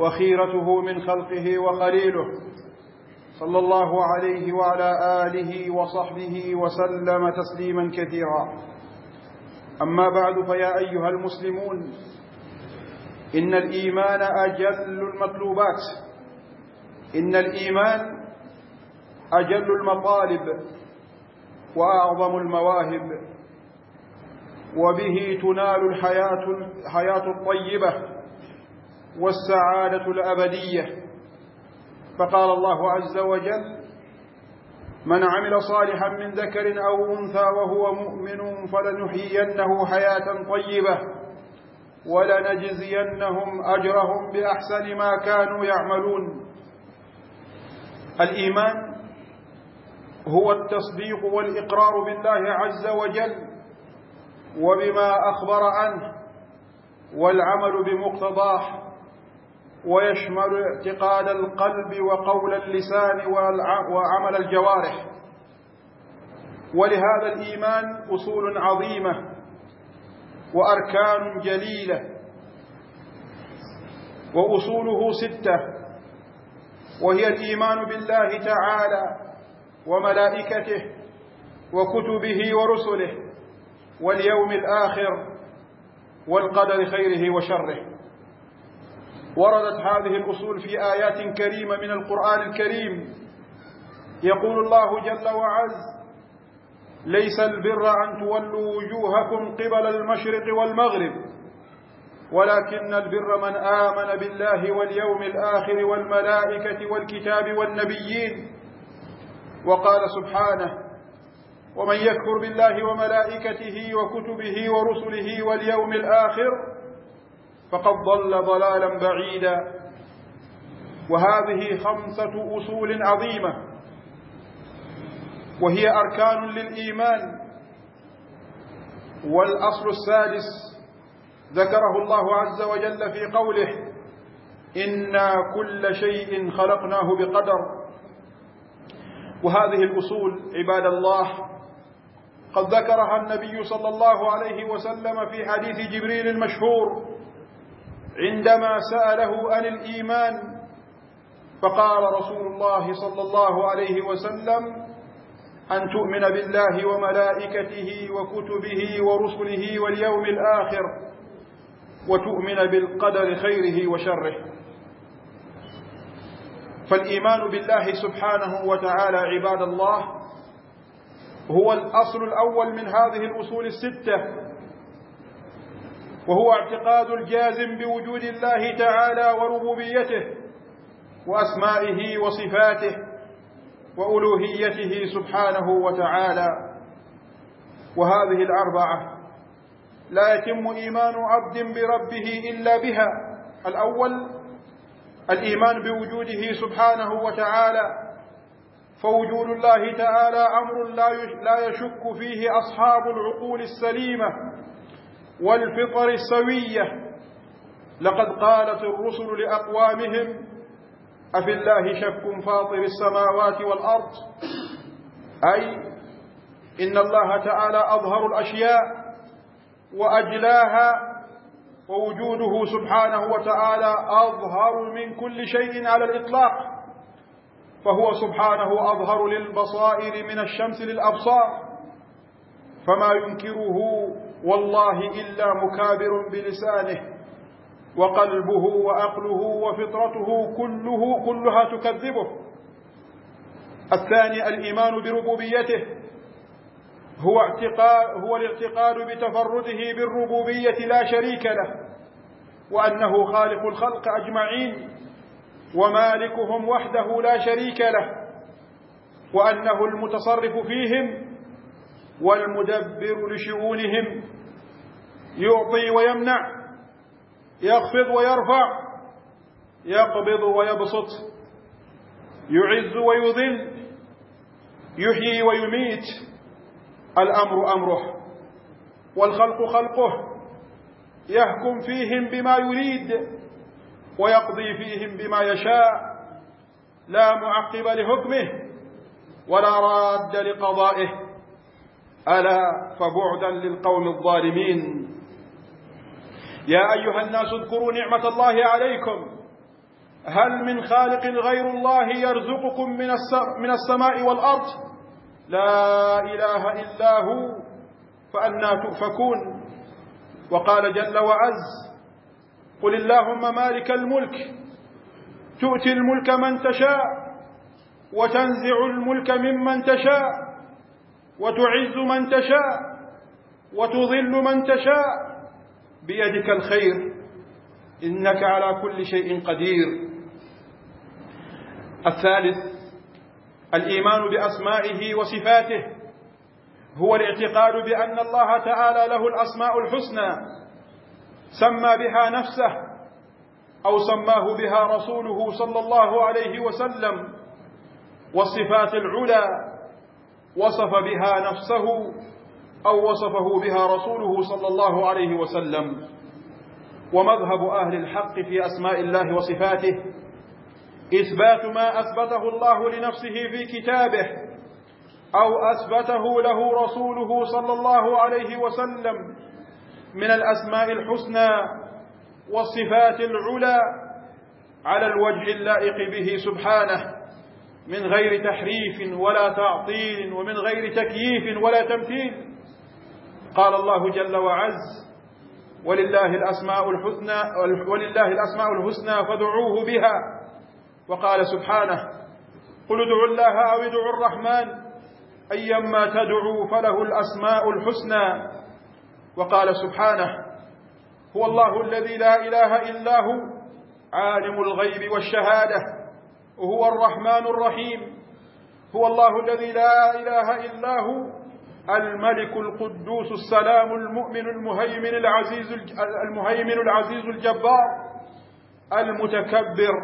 وخيرته من خلقه وخليله صلى الله عليه وعلى آله وصحبه وسلم تسليما كثيرا أما بعد فيا أيها المسلمون إن الإيمان أجل المطلوبات إن الإيمان أجل المطالب وأعظم المواهب وبه تنال الحياة, الحياة الطيبة والسعادة الأبدية فقال الله عز وجل من عمل صالحا من ذكر أو أنثى وهو مؤمن فلنحيينه حياة طيبة ولنجزينهم أجرهم بأحسن ما كانوا يعملون الإيمان هو التصديق والإقرار بالله عز وجل وبما أخبر عنه والعمل بمقتضاه ويشمل اعتقاد القلب وقول اللسان وعمل الجوارح ولهذا الإيمان أصول عظيمة وأركان جليلة وأصوله ستة وهي الإيمان بالله تعالى وملائكته وكتبه ورسله واليوم الآخر والقدر خيره وشره وردت هذه الأصول في آيات كريمة من القرآن الكريم يقول الله جل وعز ليس البر أن تولوا وجوهكم قبل المشرق والمغرب ولكن البر من آمن بالله واليوم الآخر والملائكة والكتاب والنبيين وقال سبحانه ومن يكفر بالله وملائكته وكتبه ورسله واليوم الآخر فقد ضل ضلالا بعيدا وهذه خمسة أصول عظيمة وهي أركان للإيمان والأصل السادس ذكره الله عز وجل في قوله إنا كل شيء خلقناه بقدر وهذه الأصول عباد الله قد ذكرها النبي صلى الله عليه وسلم في حديث جبريل المشهور عندما سأله عن الإيمان فقال رسول الله صلى الله عليه وسلم أن تؤمن بالله وملائكته وكتبه ورسله واليوم الآخر وتؤمن بالقدر خيره وشره فالإيمان بالله سبحانه وتعالى عباد الله هو الأصل الأول من هذه الأصول الستة وهو اعتقاد الجازم بوجود الله تعالى وربوبيته وأسمائه وصفاته وألوهيته سبحانه وتعالى وهذه الأربعة لا يتم إيمان عبد بربه إلا بها الأول الإيمان بوجوده سبحانه وتعالى فوجود الله تعالى أمر لا يشك فيه أصحاب العقول السليمة والفطر السوية لقد قالت الرسل لأقوامهم أفي الله شك فاطر السماوات والأرض أي إن الله تعالى أظهر الأشياء وأجلاها ووجوده سبحانه وتعالى أظهر من كل شيء على الإطلاق فهو سبحانه أظهر للبصائر من الشمس للأبصار فما ينكره والله إلا مكابر بلسانه وقلبه وعقله وفطرته كله كلها تكذبه الثاني الإيمان بربوبيته هو اعتقاد هو الاعتقاد بتفرده بالربوبية لا شريك له وأنه خالق الخلق أجمعين ومالكهم وحده لا شريك له وأنه المتصرف فيهم والمدبر لشؤونهم يعطي ويمنع يخفض ويرفع يقبض ويبسط يعز ويذل يحيي ويميت الأمر أمره والخلق خلقه يحكم فيهم بما يريد ويقضي فيهم بما يشاء لا معقب لحكمه ولا راد لقضائه ألا فبعدا للقوم الظالمين يا أيها الناس اذكروا نعمة الله عليكم هل من خالق غير الله يرزقكم من, السماء والأرض لا إله إلا هو فأنا تؤفكون وقال جل وعز قل اللهم مالك الملك تؤتي الملك من تشاء وتنزع الملك ممن تشاء وتعز من تشاء وتضل من تشاء بيدك الخير إنك على كل شيء قدير الثالث الإيمان بأسمائه وصفاته هو الاعتقاد بأن الله تعالى له الأسماء الحسنى سمى بها نفسه أو سماه بها رسوله صلى الله عليه وسلم والصفات العلى وصف بها نفسه أو وصفه بها رسوله صلى الله عليه وسلم ومذهب أهل الحق في أسماء الله وصفاته إثبات ما أثبته الله لنفسه في كتابه أو أثبته له رسوله صلى الله عليه وسلم من الأسماء الحسنى والصفات العلى على الوجه اللائق به سبحانه من غير تحريف ولا تعطيل ومن غير تكييف ولا تمثيل قال الله جل وعز ولله الأسماء الحسنى ولله الأسماء الحسنى فادعوه بها وقال سبحانه قل ادعوا الله أو ادعوا الرحمن أيما تدعوا فله الأسماء الحسنى وقال سبحانه هو الله الذي لا إله إلا هو عالم الغيب والشهادة هو الرحمن الرحيم هو الله الذي لا إله إلا هو الملك القدوس السلام المؤمن المهيمن العزيز المهيمن العزيز الجبار المتكبر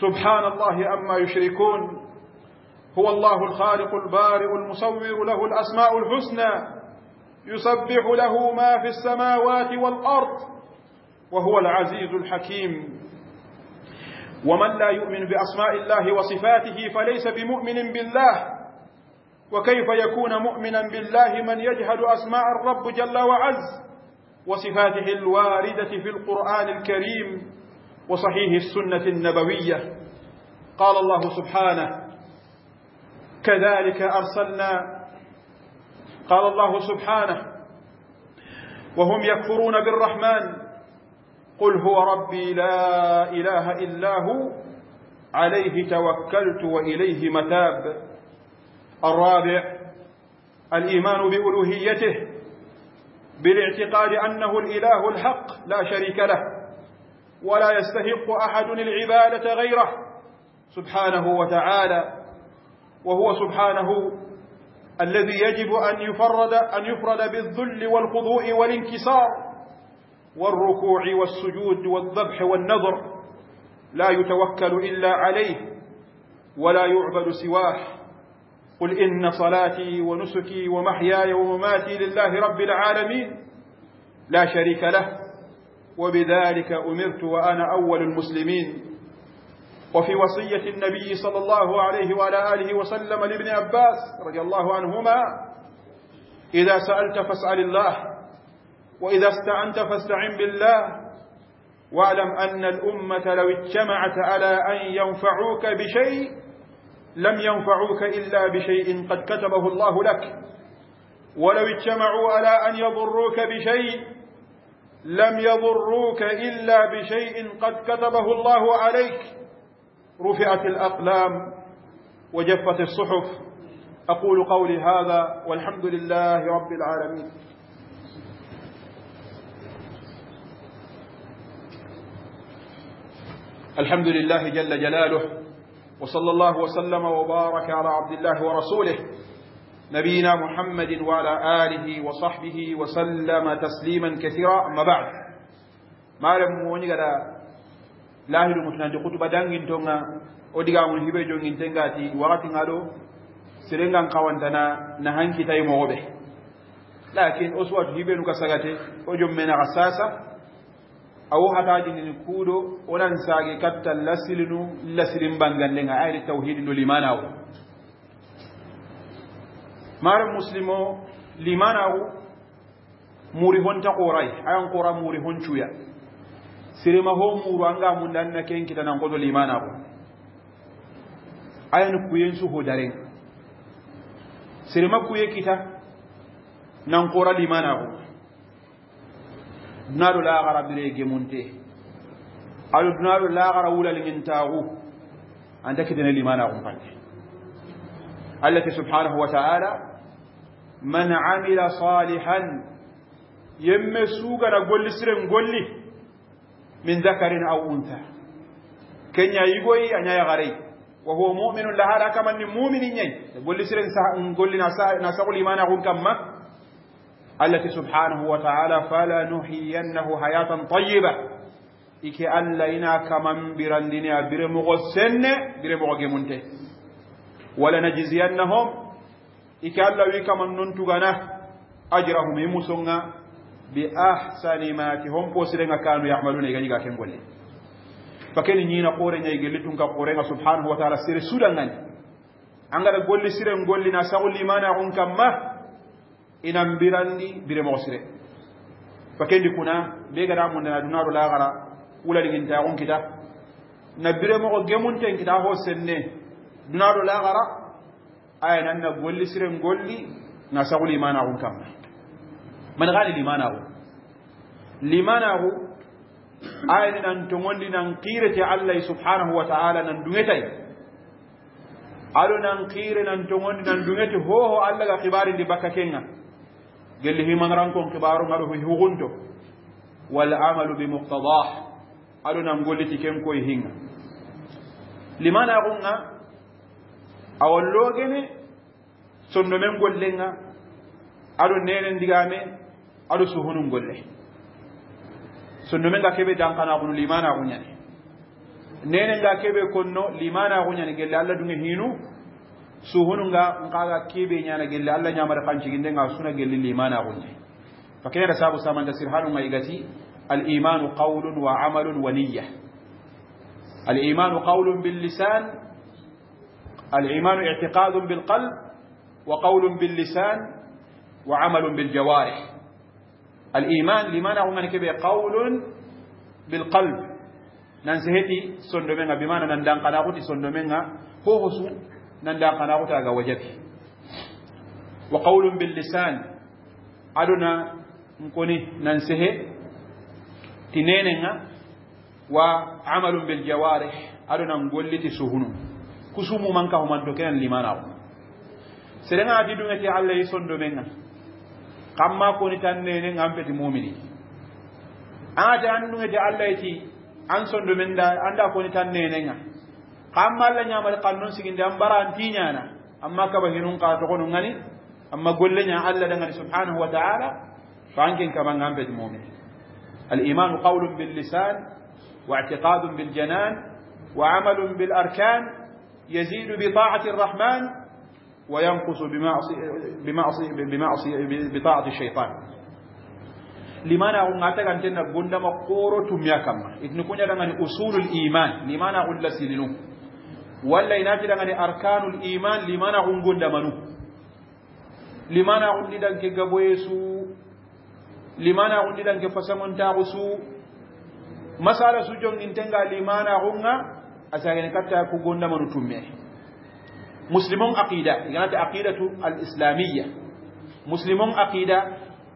سبحان الله أما يشركون هو الله الخالق البارئ المصور له الأسماء الحسنى يسبح له ما في السماوات والأرض وهو العزيز الحكيم ومن لا يؤمن بأسماء الله وصفاته فليس بمؤمن بالله وكيف يكون مؤمنا بالله من يجهل أسماء الرب جل وعز وصفاته الواردة في القرآن الكريم وصحيح السنة النبوية قال الله سبحانه كذلك أرسلنا قال الله سبحانه وهم يكفرون بالرحمن قل هو ربي لا إله إلا هو عليه توكلت وإليه متاب الرابع الإيمان بألوهيته بالاعتقاد أنه الإله الحق لا شريك له ولا يستحق أحد العبادة غيره سبحانه وتعالى وهو سبحانه الذي يجب أن يفرد أن يفرد بالذل والخضوع والانكسار والركوع والسجود والذبح والنظر لا يتوكل إلا عليه ولا يعبد سواه قل إن صلاتي ونسكي ومحياي ومماتي لله رب العالمين لا شريك له وبذلك أمرت وأنا أول المسلمين وفي وصية النبي صلى الله عليه وعلى آله وسلم لابن عباس رضي الله عنهما إذا سألت فاسأل الله وإذا استعنت فاستعن بالله واعلم أن الأمة لو اجتمعت على أن ينفعوك بشيء لم ينفعوك إلا بشيء قد كتبه الله لك ولو اجتمعوا على أن يضروك بشيء لم يضروك إلا بشيء قد كتبه الله عليك رفعت الأقلام وجفت الصحف أقول قولي هذا والحمد لله رب العالمين الحمد لله جل جلاله وصلى الله وسلم وبارك على عبد الله ورسوله نبينا محمد وعلى آله وصحبه وسلم تسليما كثيرا أما بعد ما لم يكن هناك لاه المتنى دي قطبة دانجين تونغا ودقا من هبه جونجين تنغاتي وغاتي غالو سرنغان قوانتنا نهان كتاي موغبه لكن أسوات هبه نكساغاتي وجم من غساسة أو هتاج نكودو ولن ساقي كتا لسلنو لسلن بانغان لنها آية التوحيد نو لمن أو مار مسلمو لمن أو مريهون تقوري أيان قورا مريهون شويا سيرما هو مورانغا من أن كين كتا نقودو لمن أو أيان كوين سوهو دارين سيرما كوين كتا نقورا لمن أو نارو لا غرا بري جمونتي قالو نارو لا غرا ولا لين تاغو عندك دين الايمان اقوم فانتي التي سبحانه وتعالى من عمل صالحا يمسوغا غولي سرن غولي من ذكر او انثى كنيا يغوي انيا يغري وهو مؤمن لها كما من مؤمنين غولي سرن سا غولي نسا نسا الايمان اقوم كما التي سبحانه وتعالى فلا نحيينه حياة طيبة إكي ألا إنا كمن برندنا برمغ السن برمغ ولا ولنجزينهم إكي ألا كمن ننتغنا أجرهم يمسونا بأحسن ما تهم بوسرنا كانوا يعملون إيجاني كن قولي فكين نينا قورنا يجلتون كقورنا سبحانه وتعالى سير سودان أنغا قولي سير قولي ناسا قولي ما نعون كما inan birandi biremo sire fakendi kuna be gada mun na dunaru lagara wulani ginta on kita na biremo gemun ten kita ho senne dunaru lagara aya nan na golli sire golli na saguli mana on kam man gali limana ho limana ho aya nan to ngondi nan qirati allah subhanahu wa ta'ala nan dungetai aɗo nan kiire nan togondi nan dugeti hoho allah ga hibari ndi bakka kenga gelli himanrankon kibaru ngaɗo ko hugunto wal amalu bi muqtadah aɗonam golliti ken koye hinga limana gunga awallogene sonno men gollenga aɗo nenen ndigame aɗo suhunum golle sonno men ga keɓe dankanaguno limana guñani nenen ga keɓe konno limana guñani gelle allah dunge hinu suhununga nkaga kibe nyana gelle alla nyama da fanci ginde nga suna gelle limana gunde fakai da sabu saman da sirhanu mai gati al imanu qawlun wa amalun wa niyyah al imanu qawlun bil lisan al imanu i'tiqadun bil qalb wa qawlun bil lisan wa amalun bil jawarih al iman limana gunga kibe qawlun bil qalb nan sehedi sondomenga bimana nan dankana kuti sondomenga ko hosu نندا قناغوتا غا وجبي وقول باللسان أدنا نكوني ننسه تنينها وعمل بالجوارح أدنا نقول تسهنو كسومو من كهو من تكين لمناو سرنا عددو نتي الله يسندو منا كما كوني تنينين أمبت مؤمني أنا تنينو نتي الله يتي أنسندو من دا أندا كوني تنينين kamma alla ñamari kan non siginde an bara an tiñana amma kabahinun ka togono ngani amma golle ña allah dangani subhanahu wa taala fa anken kamanga an peti mumin الايمان قول باللسان واعتقاد بالجنان وعمل بالاركان يزيد بطاعه الرحمن وينقص بمعصي بمعصي بمعصي بطاعه الشيطان limana ko ngata kan tenna gonda ma koro tumya kamma itni kunya daga ni usulul iman limana ulla silinu walla inati dangane arkanul iman limana ungunda manu limana undi danke gaboyesu limana undi danke fasamontaku su masala su jongintenga limana unga asagene katta ku gonda manu tumme muslimon aqida iganati aqidatu alislamiyya muslimon aqida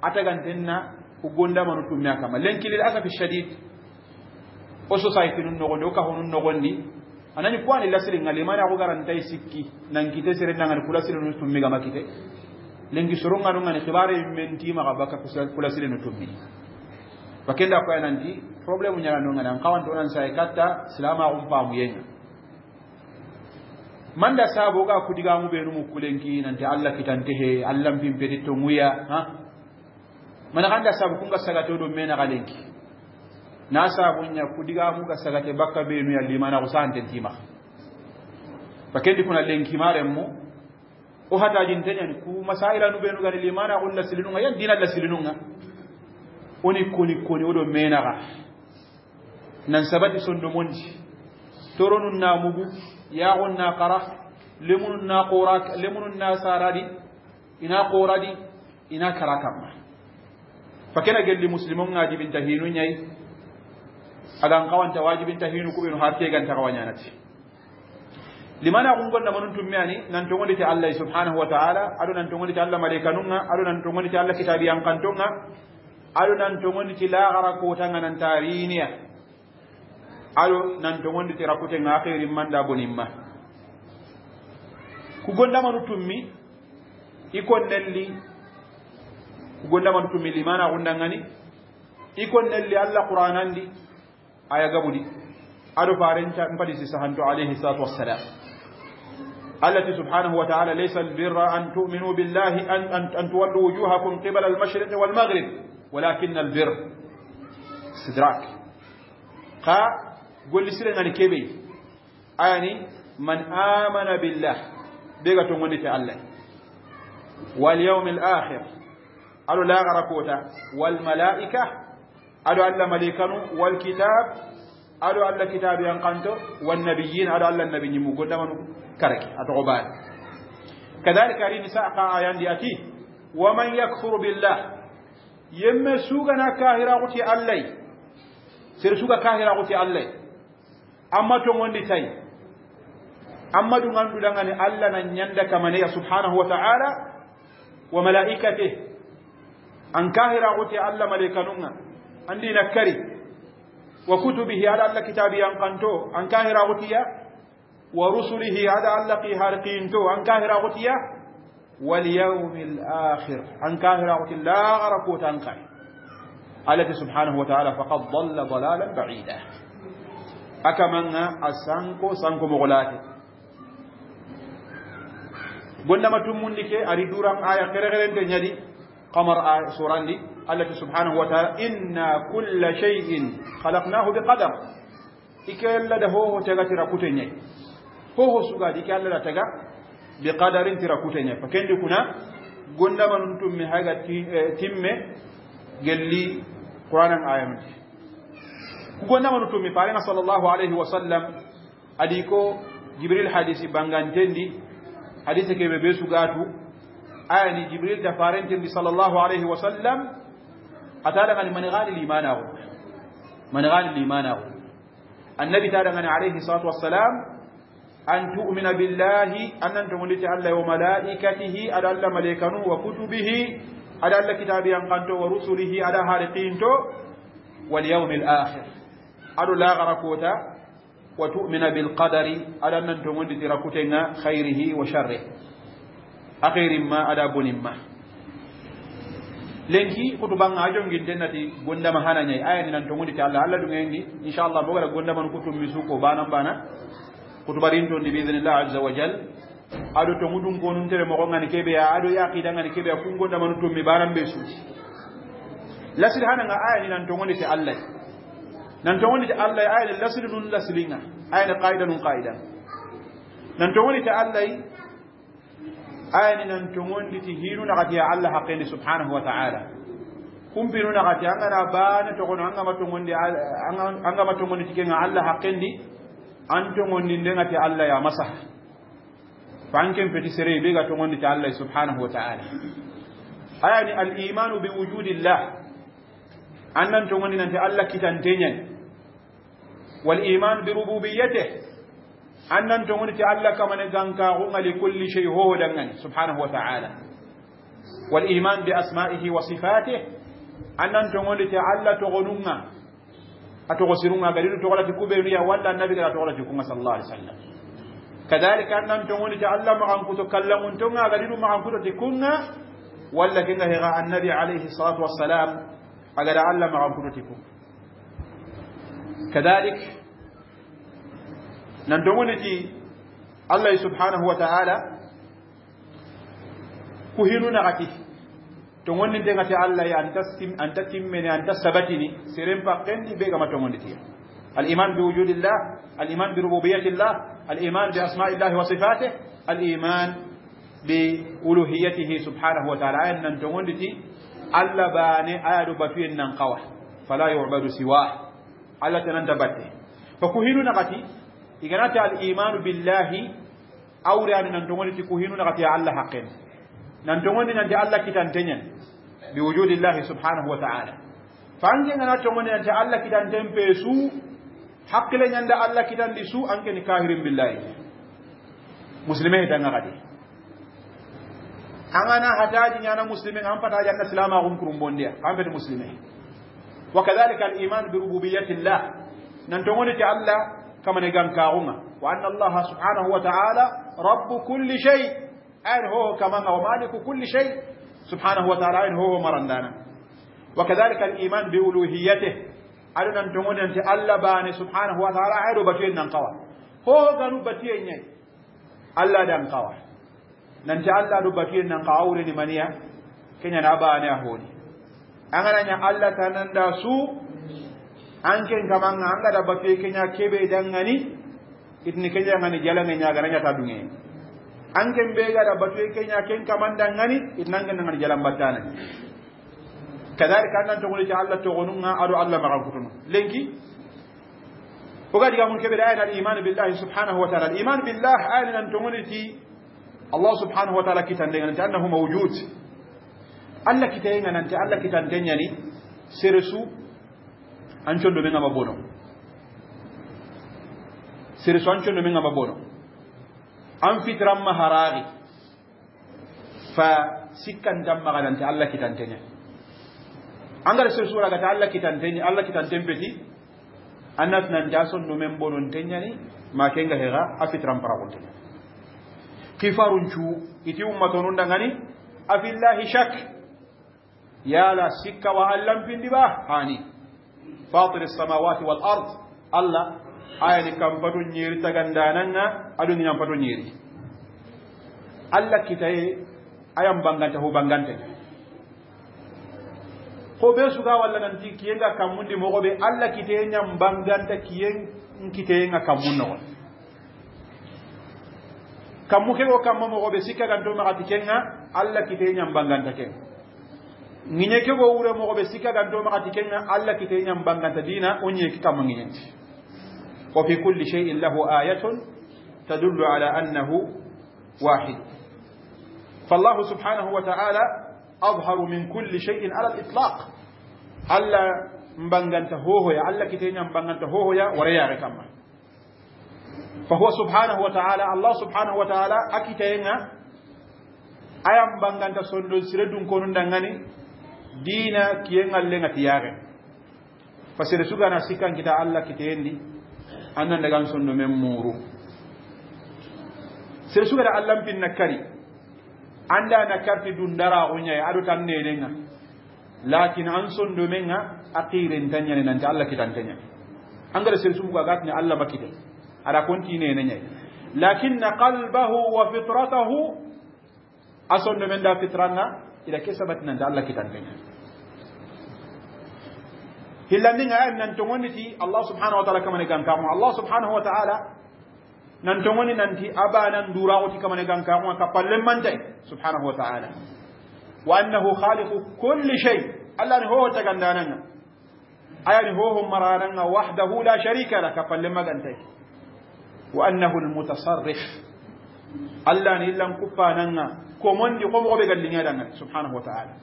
atagantenna ku gonda manu tumme akama lenki lil asafi shadid o society nun nogondi o kahonun nogondi anani kwa ni lasiri ngali mana ko garantai sikki nan kite sere nan ngal kula sire no tummi ga makite lengi soronga no ngani khibare men ti ma baka kula sire no tummi bakenda kwa nan di problem nya no ngana kawan to nan sai katta silama um pa mu yenya manda sabo ga kudiga mu be no mu kulengi nan ta Allah kitante he Allah bim be to muya ha mana kanda sabu kunga sagato do mena galenki nasa sabunya kudigamu ga sagate bakka benu ya limana usante tima pakendi kuna lenkimare mu o hata jintenya ku masaila nu benu ga limana ulla silinunga ya dina la silinunga oni koni koni odo menaga nan sabati sondo monji toronun na mugu ya onna qara lemunun na qora lemunun na saradi ina qoradi ina karakamma fakena gelli muslimun ngadi binta hinu nyai agan kawanta wajibinta hinu kuɓenu har keganta kawañanati limana kungonna manun tummiyani nan togonditi allah subhanahu wa taala aɗo nan togonditi allah malaikanunga aɗo nan togonditi allah kitabiyankantonga aɗo nan togonditi laara kotanga nan tariniya aɗo nan togonditi rakkutenga akhirin manda boninma kugonna manu tummi ikon nelli kugonna manu tummi limana kundangani ikon nelli allah qur'anandi aya gabudi ado farenca mpadisi sahanto alayhi salatu wassalam التي سبحانه وتعالى ليس البر أن تؤمنوا بالله أن, أن, أن تولوا وجوهكم قبل المشرق والمغرب ولكن البر استدراك قا قل سيرنا نكبي يعني من آمن بالله بيغة تمونيت الله واليوم الآخر قالوا لا غرقوتا والملائكة أدو ألا مليكانو والكتاب أدو ألا كتاب ينقنتو والنبيين أدو ألا النبي نمو قلنا منو كرك أتغبان كذلك أرين ساقا آيان دي أتي ومن يكفر بالله يما سوغنا كاهرا غتي ألي سير سوغا كاهرا غتي ألي أما تونغون دي تاي أما دونغان دولانغاني ألا ننيند كمانيا سبحانه وتعالى وملائكته أن كاهرا غتي ألا مليكانونا عندي نكري وكتبه هذا الله كتابي قنتو أن كاهرا غتيا ورسله هذا الله قيهار قينتو أن كاهرا غتيا واليوم الآخر أن كاهرا غتيا لا غرقوت أنقاي التي سبحانه وتعالى فقد ضل ضلالا بعيدا أكمن أسانكو سانكو مغلاتي gonda تمونيكي mun رم آية duram aya قمر آية سورة لي الله سبحانه وتعالى إنا كل شيء خلقناه بقدر إكلا ده هو تغا تراكوتني هو سوغا دي كلا تغا بقدر تراكوتني فكن كنا قلنا من تم هاغا آه، تم قال لي قرآن آيام قلنا من تم فارنا صلى الله عليه وسلم أديكو جبريل حديث بانغان تندي حديث كيبه بيسو ani jibril da farentirndi sallllahu alayhi wa sallam a taɗagani mani gani limanahu mani gani limanahu annabi taɗagani alayhi salatu wassalam an tumina billahi annan tomolite allah wa malaikatihi aɗa allah malaikanu wa kutubihi aɗa allah kitabiyan kanto wa rusulihi aɗa haare qinto walyaumi l akhir aɗo lagara kota wa tumina bilqadari aɗa annan tomonditira kutenga hayrihi wa sharrih akhirin ma ada bonin ma lenki kutuba nga jongin dennati gondama hana nyai ayani nan tongundi ta Allah Allah dunga yindi inshallah bogara gondama no kutum misuko bana bana kutuba rin to bi idhnillah azza wa jal ado tongudun gonun tere mo ngani kebe ya ado ya qida ngani kebe ya kun gondama no tummi baran be suci lasir hana nga ayani nan tongundi ta Allah nan tongundi ta Allah ayani lasir nun lasiringa ayani qaidan nun qaidan nan tongundi ta Allah آية ننتمون لتهينو نغتي على حقين سبحانه وتعالى كم بينو نغتي أنغنا بانا تقول أنغما تمون دي أنغما تمون تكينا على حقين دي أنتمون لنغتي على يا مسح فأنكم في تسري بيغا تمون دي على سبحانه وتعالى آية الإيمان بوجود الله أنن تمون دي نغتي على كتان والإيمان بربوبيته annan to ngonti Allah kamane ganka hunga li kulli shay ho dangan subhanahu wa ta'ala wal iman bi asma'ihi wa sifatihi annan to ngonti Allah to gonunga atogo sirunga gadiru to golati kubenu ya walla annabi gara to golati kunga sallallahu alaihi wasallam كذلك أنهم تقول تعالى ما أنكتو كلمون تونا غيرو ما أنكتو تكونا ولا كنا هي النبي عليه الصلاة والسلام أجر الله ما أنكتو تكون كذلك nan allah subhanahu wa ta'ala ku nagati naxati to gonnindengati allah anta timmene anta sabatini seren pakkendi begama togonditiya الإيمان بوجود الله الإيمان بربوبية الله الإيمان بأسماء الله وصفاته الإيمان بألوهيته سبحانه وتعالى أن ننتغندتي ألا باني آل بفين ننقوه فلا يعبد سواه ألا تننتبته فكهين نغتي إغنات الإيمان بالله أو رأني ننتمون تكوهين نغتي الله حقا ننتمون ننتي الله كتنتين بوجود الله سبحانه وتعالى فأنت ننتمون ننتي الله كتنتين بيسو حق لن ينتي الله كتنتين سو أنك نكاهر بالله مسلمين تنغتي أنا هتاج أنا مسلمين أنا فتاج أنا سلام أقوم كرمبون دي أنا مسلمين وكذلك الإيمان بربوبية الله ننتمون تي الله كما نجان كاغونا وأن الله سبحانه وتعالى رب كل شيء أين هو كما ومالك كل شيء سبحانه وتعالى أين هو مرندانا وكذلك الإيمان بألوهيته أدنا نتمنى أنت ألا باني سبحانه وتعالى أين بتين ننقوى هو غنو بتين ألا ننقوى ننت ألا بتين ننقوى لمن يا كنا نباني أهوني أنا ألا تنندسو hanken kamanga angada batte kenya kebe dangani itni kenya ngani jalange nyaga nanya tadunge hanken bega da batte kenya ken kamanda ngani itnanga ngani jalan battana kadhalika annan to ngulita alla to gonunga adu alla magan kutuma lenki وقد يقول كبير آية الإيمان بالله سبحانه وتعالى الإيمان بالله آية أن تمنتي الله سبحانه وتعالى كتان أنت أنه موجود ألا كتان أنت ألا كتان دنياني سرسو an condo ɓe ngama bono sere so an condo ɓe ngama bono an fitranma haraari fa sikkantan maganante allah kitanteña angara sere suragata allah kitanteña allah kitanten peti annatinante a sonno men bononteñani ma kenga hega a fitran paragonteña kifarun cuu iti ummatonun dangani afillahi shak yala sikka wa allanpindi ba hani fatir samawati wal ard allah ayani kam patu ñeeri tagandananga aɗum ñam patu ñeeri allah kitaye ayam bangante ho bangante ko be suga walla nanti kiyenga kammundi mogo ɓe allah kitaye ñam banganta kiyen kitayenga kammun nogon kammu keɓo kamma mogo ɓe sikkaganto maxati kenga allah kitaye ñam banganta kenga ŋiñe ke go wure mogoɓe sikka ganto maxati kenga allah kite ñambanganta dina o ñeeki kamma ŋiñenti wa fi kulli cheyin lahu ayatun tadullu ala annahu wahid فالله سبحانه وتعالى أظهر من كل شيء على الإطلاق ألا مبنغنت هو يا ألا كتين مبنغنت هو يا وريا كما فهو سبحانه وتعالى الله سبحانه وتعالى أكتين أيام مبنغنت سندل سردون كونون دنغني dina kiyen alle ngati yare fasere suga na sikan kita alla kitendi annan daga sonno men muru sere suga da allan pin nakari anda nakarti dundara onya adu tan nenenga lakin an sonno men nga aqiren tanya ne nan alla kitan tanya angara sere suga gatni alla bakite ada kontine nenye lakin qalbahu wa fitratahu asonno men da fitrana ila ke sabati nan dalla kitan kitan bin hillandin ayam nan tongoni ti Allah subhanahu wa ta'ala kamane kamu Allah subhanahu wa ta'ala nan tongoni nan ti aba nan dura oti kamane kamu ka palle mantai subhanahu wa ta'ala wa annahu khaliqu kulli shay Allah ni ho ta gandanan aya ni ho hum maranan wahdahu la sharika lak palle magantai wa annahu al mutasarrif Allah ne illan kufanan komon di ko mo be galli ngada ngal subhanahu wa ta'ala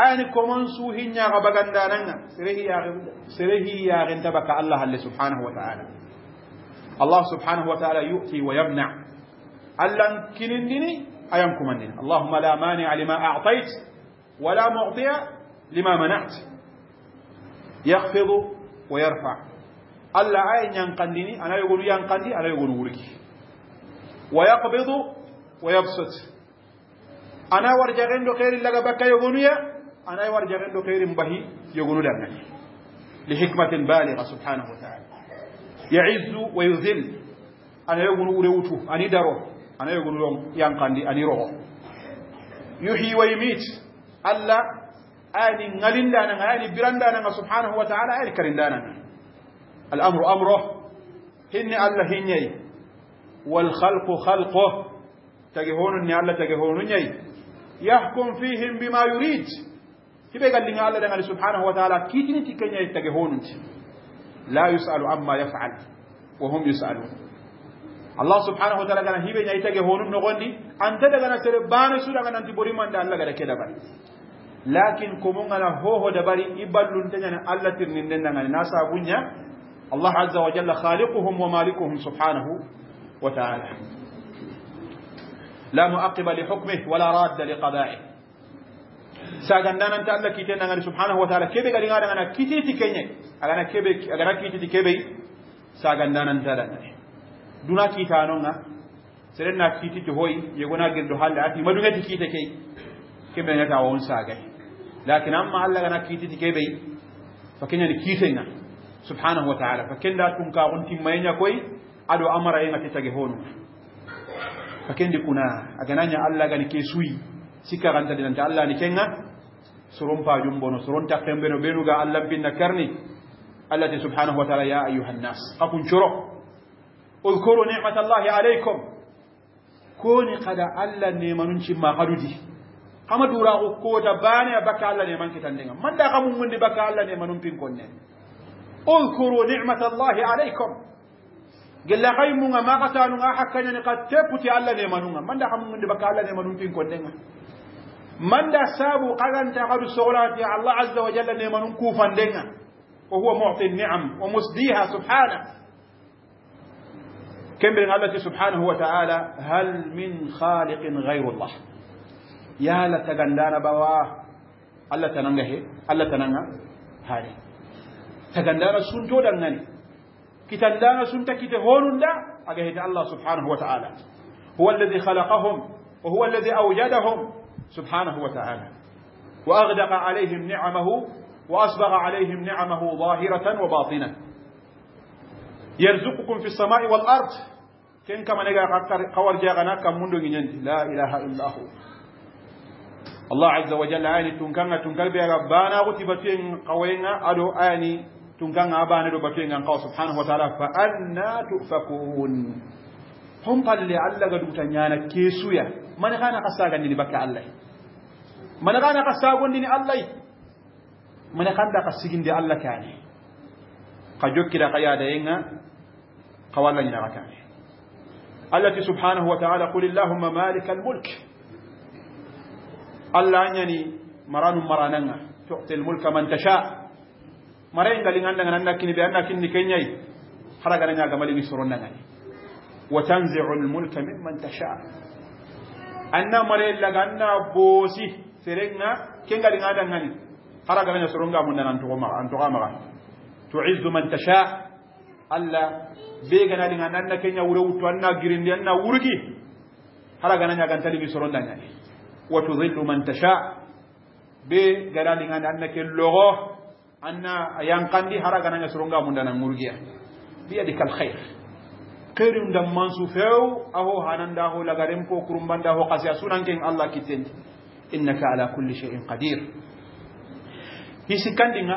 ayani komon su hinya ga baganda nan serehi ya serehi ya ganta baka Allah alle subhanahu wa ta'ala Allah subhanahu wa ta'ala yu'ti wa yamna allan kinindini ayam kumandini Allahumma la mani lima a'tait wa la mu'tiya lima mana'at yakhfidu wa yarfa Allah ayin yankandini ana yuguru yankandi ana yuguru wurki ويقبض ويبسط انا ورجا غندو خير لغا بكا يغونيا انا ورجا غندو خير مبهي يغونو دانا لحكمة بالغة سبحانه وتعالى يعز ويذل انا يغونو ريوتو اني دارو انا يغونو ينقاندي اني روغو يحيي ويميت الا اني نالين دانا اني بران دانا سبحانه وتعالى اني كرين دانا الامر امره هني الله هني والخلق خلقه تجهون ني الله تجهون ني يحكم فيهم بما يريد كيف قال لنا الله سبحانه وتعالى كيتني تكني يتجهون لا يسأل عما يفعل وهم يسألون الله سبحانه وتعالى قال هيبين يتجهون نغني أنت دعنا سربان سورة أن أنت بريم أن الله قال كذا بري لكن كمون على هو هو دبري إبلون تجنا الله ترنيننا عن الناس أبونا الله عز وجل خالقهم ومالكهم سبحانه وتعالى لا مؤقب لحكمه ولا راد لقضائه ساغان دان انت الله كيتي نان سبحانه وتعالى كيبي غادي غادي انا كيتي تي كيني انا كيبي غادي كيتي تي كيبي ساغان دان انت الله دونا كي تانونا سيرنا كيتي تي هوي يغونا غندو حال اتي مدو غادي كيتي كي كيبي نتا اون ساغاي لكن اما الله غانا كيتي تي كيبي فكيني ني كيتينا سبحانه وتعالى فكين دا تكون كاونتي ماينيا كوي ادو امر اي ماتي تاغي هونو kakendi kuna agananya Allah gani ke suyi sikka ganta dinanta alla ni kenga soron pajum bono soron takken beno benuga alla binna karni allati subhanahu wa ta'ala ya ayuhan nas akun choro اذكروا نعمة Allah عليكم كوني قد ألا نيمانونشي ما قدودي أما دورا أكوتا باني بكا ألا نيمان كتاندين من دا قمون من بكا ألا نيمانون بين اذكروا نعمة الله عليكم gella kay mu nga maka tanu nga hakkanya ne ka teputi alla ne manunga manda hamu ngi baka alla ne manun tin kondenga manda sabu qalan ta qadu sawlati allah azza wa jalla ne manun ku fandenga wa huwa mu'ti ni'am wa musdiha subhana kembere allah subhanahu wa ta'ala hal min khaliqin ghayru allah ya la tagandana bawa allah tananga he allah tananga hari tagandana sun jodan ngani كتندان سنت كت هولندا أجهد الله سبحانه وتعالى هو الذي خلقهم وهو الذي أوجدهم سبحانه وتعالى وأغدق عليهم نعمه وأسبغ عليهم نعمه ظاهرة وباطنة يرزقكم في السماء والأرض كن كما نجا قوار جاغنا كم منذ لا إله إلا هو الله عز وجل آني تنكنا تنكر بها ربانا غتبتين قوينا أدو آني tungang abane do batu ngan qaw subhanahu wa ta'ala fa anna tufakun hum palle alla ga duta nyana kesuya man kana kasaga ni bakka allah man kana kasago ni allah man kanda kasiginde allah kani ka jokkira qayada yenga qawalla ni rakani التي سبحانه وتعالى قل اللهم مالك الملك الله يعني مران مرانا تعطي الملك من تشاء mara en galin anda ngana kini be anda kini kenyai hara gara nya gamali ni soron nan wa tanzi'u al-mulka mimman tasha anna mara en laganna bosi serenga ken galin anda ngani hara gara nya soron ga mun nan to ma an to ma tu'izzu man tasha alla be gana din anda kenya wure wutu anna girindi anna wurgi hara gara nya gantali ni soron nan wa tudhillu man tasha be gana din anda ke logo anna yankandi hara gananya suronga mundana murgiya biyadika alkhair khairu ndam mansu few aho hananda ho lagarem ko kurumbanda ho qasiya sunanken allah kitendi innaka ala kulli shay'in qadir hisikandinga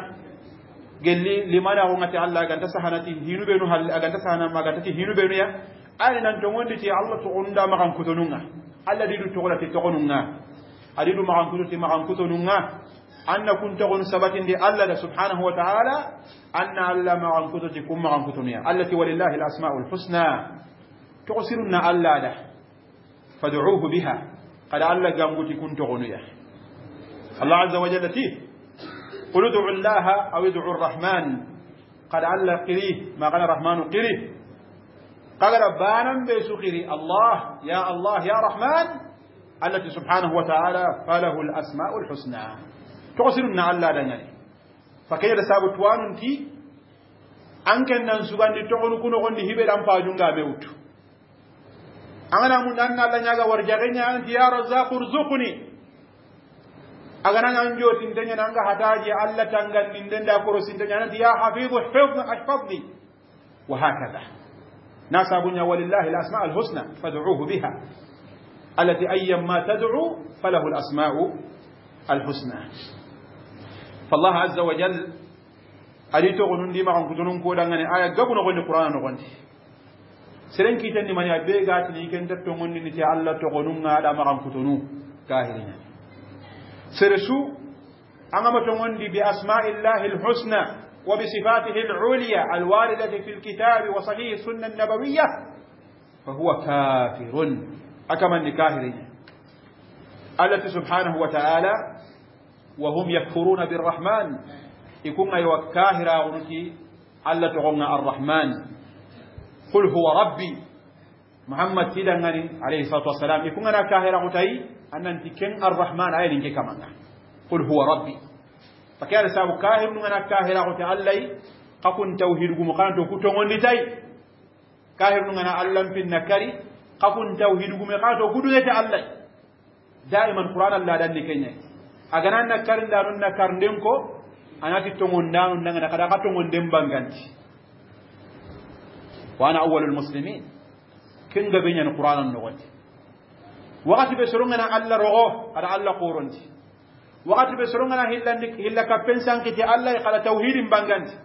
gelli limana ho ngati allah ganta sahanati hinube no hal ganta sahana ma ganta hinube no ya ari nan to ngondi ti allah to unda ma kan kutonunga allah didu to golati to gonunga adidu ma kan kutoti ma kan kutonunga أن كنت غن سبت دي الله سبحانه وتعالى أن الله مع الكتب كم مع الكتب التي ولله الأسماء الحسنى تعسرنا الله له فادعوه بها قد الله قام كنت غنيا الله عز وجل تي قل ادعوا الله أو ادعوا الرحمن قد الله قريه ما قال الرحمن قريه قال ربانا بسخري الله يا الله يا رحمن التي سبحانه وتعالى فله الأسماء الحسنى تقصر نعلا دنيا فكير سابو توان تي أنك نسوغان دي تقول كنو غن دي أم دم فاجونغا أنا من أن الله نجا ورجعني أنت يا رزاق رزقني أغنى عن جوت إنتني نانغا هتاجي الله تانغا إنتن دا كروس إنتني أنت يا حفيظ حفظ احفظني وهكذا ناس أبونا ولله الأسماء الحسنى فدعوه بها التي أيما تدعو فله الأسماء الحسنى فالله عز وجل أريد أن أقول لما عن كتنون كولا أن آية قبل نقول القرآن نقول سرين كيتن من يبيغات لكن تتمون أن تعالى تقولون على ما عن كتنون كاهرين سيرسو أنا متمون بأسماء الله الحسنى وبصفاته العليا الواردة في الكتاب وصحيح السنة النبوية فهو كافر أكمل كاهرين التي سبحانه وتعالى وهم يكفرون بالرحمن يكون أيوة كاهرا ونكي ألا تغنى الرحمن قل هو ربي محمد سيدا عليه الصلاة والسلام يكون أنا كاهرا وتاي أن أنت كن الرحمن أين نجي كمان قل هو ربي فكان سابو كاهر من أنا كاهرا وتاي ألاي قكن توهيد قمقان تكتون لتاي كاهر من أنا ألم في النكري قكن توهيد قمقان تكتون لتاي دائما قرآن الله لأني كنيك نعم. agana nakkar ndanu nakkar nden ko anati tongon ndanu ndangana kada ka tongon nden banganti wa ana awwalul muslimin kenga be ñani qur'anan nogondi wakati be sorongana allah rogo ada alla qorondi wakati be sorongana hillandi hilla kappen sankiti allah kala tawhidin banganti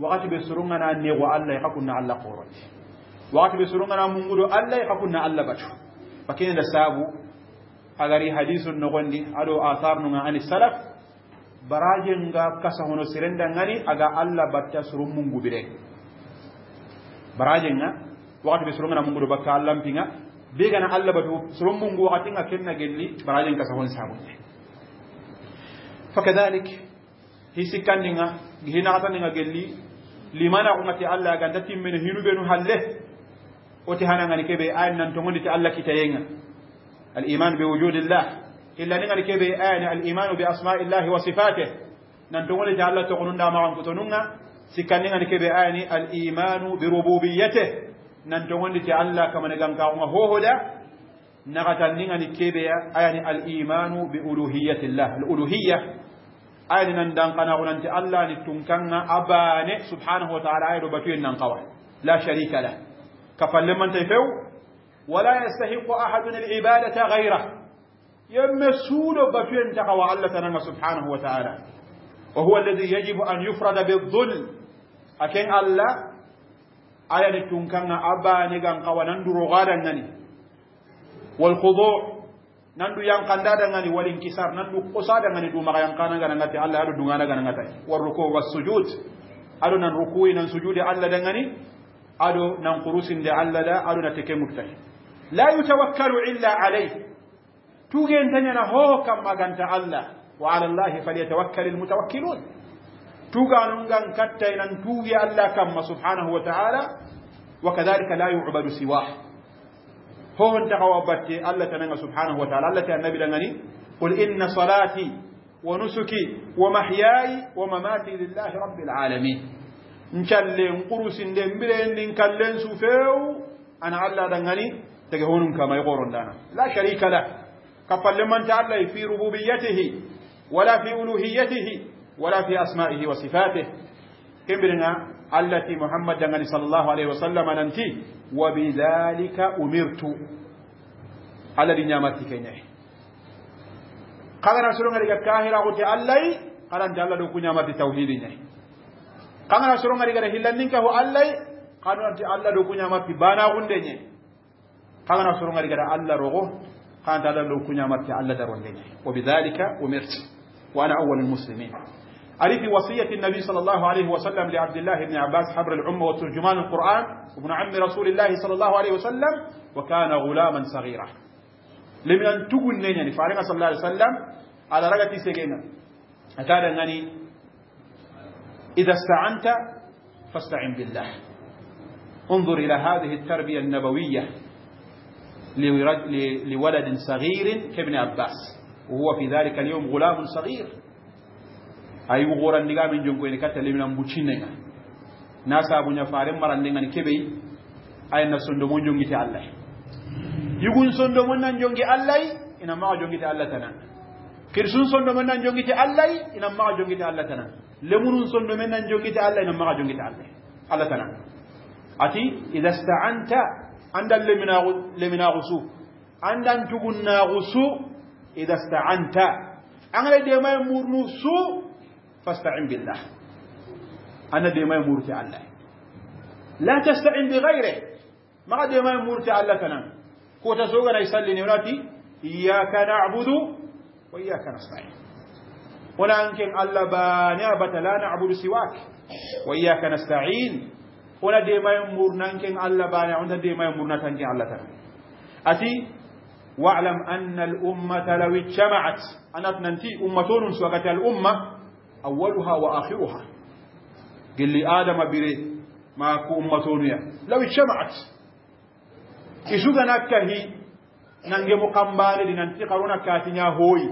wakati be sorongana nego allah hakunna allah qorondi wakati be sorongana mungudo allah hakunna allah batu bakene da sabu agari hadisu nogondi aɗo athar nuga ani salaf baraje nga kasa hono sirenda ngani aga allah batta suru munguɓire baraje nga wakati ɓe surugana munguɗo bakka allahnpiga begana allah batu suru mungu wakatinga kenna gelli baraje kasa hon sabunde fakadalik hi sikkandiga hinaxatandiga gelli limana kungati allah aganta timmene hinuɓenu halle oti hanangani keɓe ayan nan togonditi allah kitayenga الإيمان بوجود الله إلا نغني نعم كبه آن الإيمان بأسماء الله وصفاته ننتون جعل تقنون معهم كتنون سكن نغني نعم كبه آن الإيمان بربوبيته ننتون جعل كما نغم كاوما هو هدى نغتل نغني نعم كبه آن الإيمان بألوهية الله الألوهية آن نندان قناغنا أنت الله نتنكن أباني سبحانه وتعالى آية بطوين ننقوى لا شريك له كفلمن تفو ولا يستحق أحد العبادة غيره يمسول بفين تقوى الله سبحانه وتعالى وهو الذي يجب أن يفرد بالظل أكين الله على آية نتون كان أبا نغان قوى نندر غادا نني والخضوع نندو ينقندادا نني والانكسار نندو قصادا نني دوما ينقانا نغاتي الله أدو دوغانا نغاتي والركوع والسجود أدو نن ركوي نن سجود الله نغاني أدو نن قروس دي الله دا أدو نتكي مكتحي لا يتوكل إلا عليه توجين تنينا هو كما كانت الله وعلى الله فليتوكل المتوكلون توغانون كان إن توجي الله كما سبحانه وتعالى وكذلك لا يعبد سواه هو انت قوابتي الله تنين سبحانه وتعالى الله النبي لنغني قل إن صلاتي ونسكي ومحياي ومماتي لله رب العالمين إن نكلم قرس كان نكلم سوفيو أنا الله دنغني تجهون كما يقولون لنا لا شريك له كفل لمن تعالى في ربوبيته ولا في ألوهيته ولا في أسمائه وصفاته كم كبرنا التي محمد صلى الله عليه وسلم ننتي وبذلك أمرت على دنيامتي كينيه قال رسولنا لك كاهرة قلت الله قال أنت الله لو كنيامتي توحيدينيه قال رسول الله هلنك هو الله قال أنت الله لو كنيامتي بانا غندين قالنا سورة غير الله رغو قال تعالى لو كنا مرتي الله لنا وبذلك أمرت وأنا أول المسلمين أريد وصية النبي صلى الله عليه وسلم لعبد الله بن عباس حبر العمة وترجمان القرآن وابن عم رسول الله صلى الله عليه وسلم وكان غلاما صغيرا لمن أن تقول فارغة صلى الله عليه وسلم على رقة سجينة أتال أنني إذا استعنت فاستعن بالله انظر إلى هذه التربية النبوية لولد صغير كابن عباس وهو في ذلك اليوم غلام صغير أي غورا نيغا من جنكو إن كتا لمن مبوشينينا ناسا أبو نفار مران نيغا كبي أي نسندو من جنكي تألله يقول سندو من جنكي الله إن ما جنكي تألله تنا كرسون سندو من جنكي تألله إن ما جنكي تألله تنا لمنون سندو من جنكي تألله إن ما جنكي تألله الله تنا أتي إذا استعنت عندن لمنا غسو عندن تقولنا غسو إذا استعنت أنا دي ما يمور نفسو فاستعن بالله أنا دي ما يمور في الله لا تستعن بغيره ما دي ما يمور في الله كنا كو تسوغنا يسلي نوراتي إياك نعبد وإياك نستعين ولكن الله بانع لا نعبد سواك وإياك نستعين wona deemaye murnanken allah baane onta deemaye murnatanken allah tan ati واعلم أن الأمة لو اجتمعت أنا تنتي أمتون سوقت الأمة أولها وآخرها قل لي آدم بري ما كو أمتون يا لو اجتمعت نكا هي نانجي مقامبالي لننتي قرونا كاتنا هوي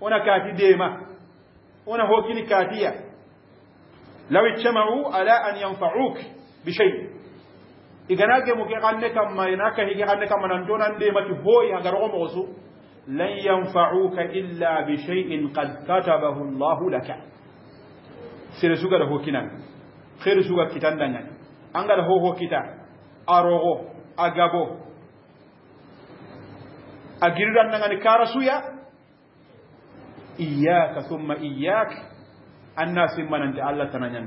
ونا كاتي ديما ونا هوكي كاتيا لو اجتمعوا على أن ينفعوك بشيء إذا مجانك ما ينك هيجانك من دون أن ديمك هو يهجرهم غزو لن ينفعوك إلا بشيء قد كتبه الله لك سير سوغا هو كنا خير سوغا كتان دانيا أنغر هو هو كتا أروغو أجابو أجيرو دانيا كارسويا إياك ثم إياك الناس من انت الله تنين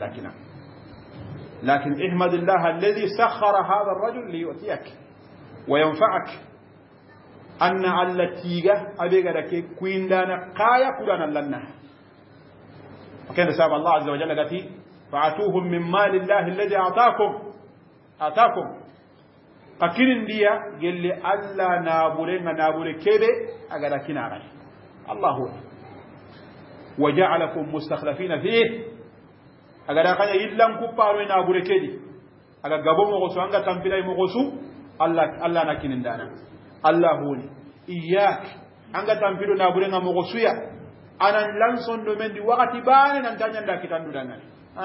لكن احمد الله الذي سخر هذا الرجل ليؤتيك وينفعك ان الله تيغا ابيغا دكي كوين دانا قايا قران لنا وكان سبح الله عز وجل قال فاعطوهم من مال الله الذي اعطاكم اعطاكم قكين ديا قال لي الله نابولين نابولين كيبي اغا الله هو وجعلكم مستخلفين فيه اگر اگر یہ لنگ کو پارو نا بورے کے دی اگر گبو مو گوسو انگا تم پیرے مو گوسو اللہ اللہ نکین اندانا اللہ ہولی ایاک انگا تم پیرو نا بورے نا مو گوسو یا انا لنگ سون دو من دی وقتی بانے نا تانیا نا کتان دو دانا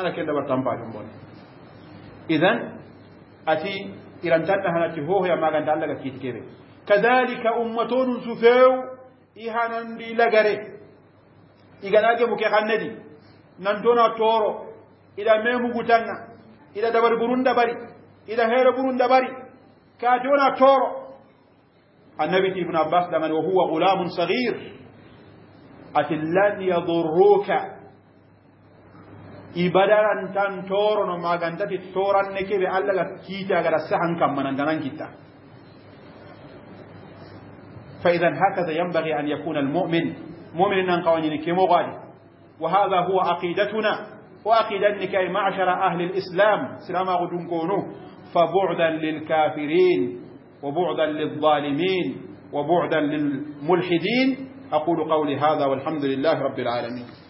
انا کین دبا تم پارو مبولی اذن اتی ایران تانتا ہنا تی ہو ماغان تا اللہ کا کیت كذلك امتون سفیو ایہانا دی لگرے iganage muke kannedi nan dona toro ida memu gutanna ida dabar burunda bari ida hera burunda bari ka dona toro annabi ibn abbas da man wa huwa gulamun saghir atillan yadurruka ibadaran tan toro no ti toran ne be Allah la kita ga sahan man manandanan kita fa idan hakaza yanbaghi an yakuna al-mu'min مؤمن أن قوانين كمغادي وهذا هو عقيدتنا وعقيدتك معشر أهل الإسلام سلام غدون كونو فبعدا للكافرين وبعدا للظالمين وبعدا للملحدين أقول قولي هذا والحمد لله رب العالمين